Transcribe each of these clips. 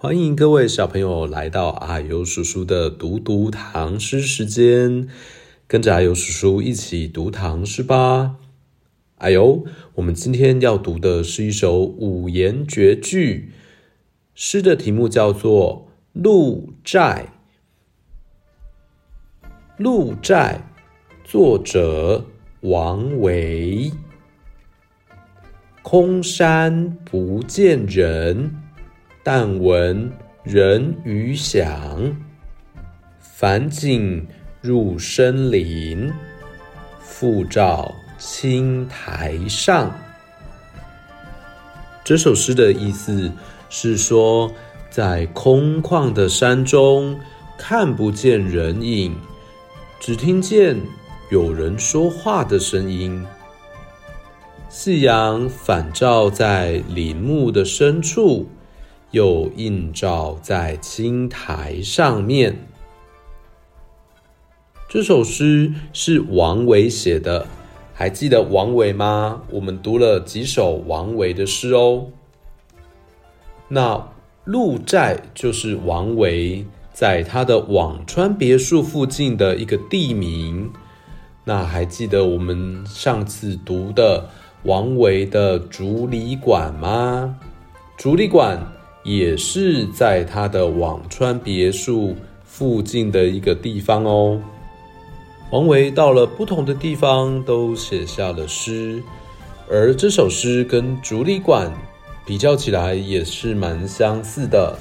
歡迎各位小朋友來到啊呦叔叔的讀讀唐詩時間，跟着啊呦叔叔一起讀唐詩吧。啊呦，我們今天要讀的是一首五言絕句，詩的題目叫做《鹿柴》。《鹿柴》作者王維，空山不見人。但聞人語響，返景入深林，復照青苔上。這首詩的意思是說，在空曠的山中看不見人影，只聽見有人說話的聲音。夕陽反照在林木的深處。又映照在青苔上面。這首詩是王維寫的，還記得王維嗎？我們讀了幾首王維的詩哦。那鹿柴就是王維在他的輞川別墅附近的一個地名。那還記得我們上次讀的王維的《竹里館》嗎？《竹里館》。也是在他的輞川別墅附近的一個地方哦。王維到了不同的地方都寫下了詩，而這首詩跟《竹里館》比較起來也是蠻相似的。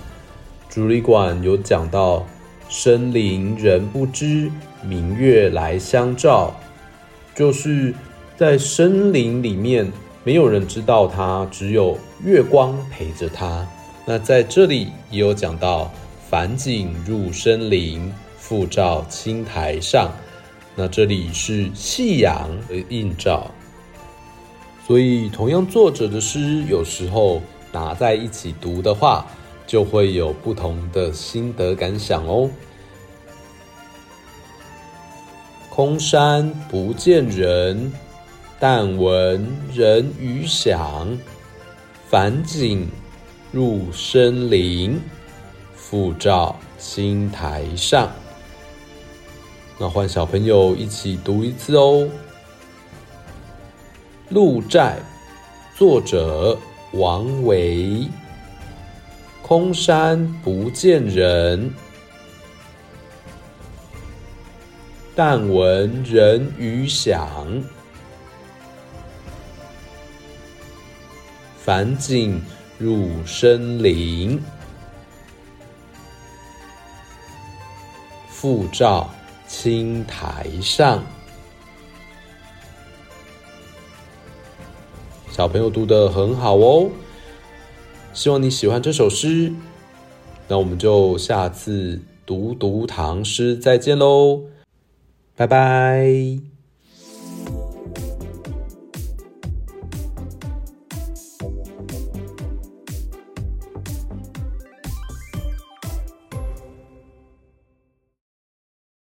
《竹里館》有講到“深林人不知，明月來相照”，就是在森林裡面沒有人知道他，只有月光陪着他。那在這裡也有講到“返景入深林，復照青苔上”。那這裡是夕陽的映照，所以同樣作者的詩，有時候拿在一起讀的話，就會有不同的心得感想哦。空山不見人，但聞人語響，返景。入深林，復照青苔上。那換小朋友一起讀一次哦。《鹿柴》作者王維。空山不見人，但聞人語響。返景。入深林，復照青苔上。小朋友讀得很好哦，希望你喜歡這首詩。那我們就下次讀讀唐詩再見嘍，拜拜。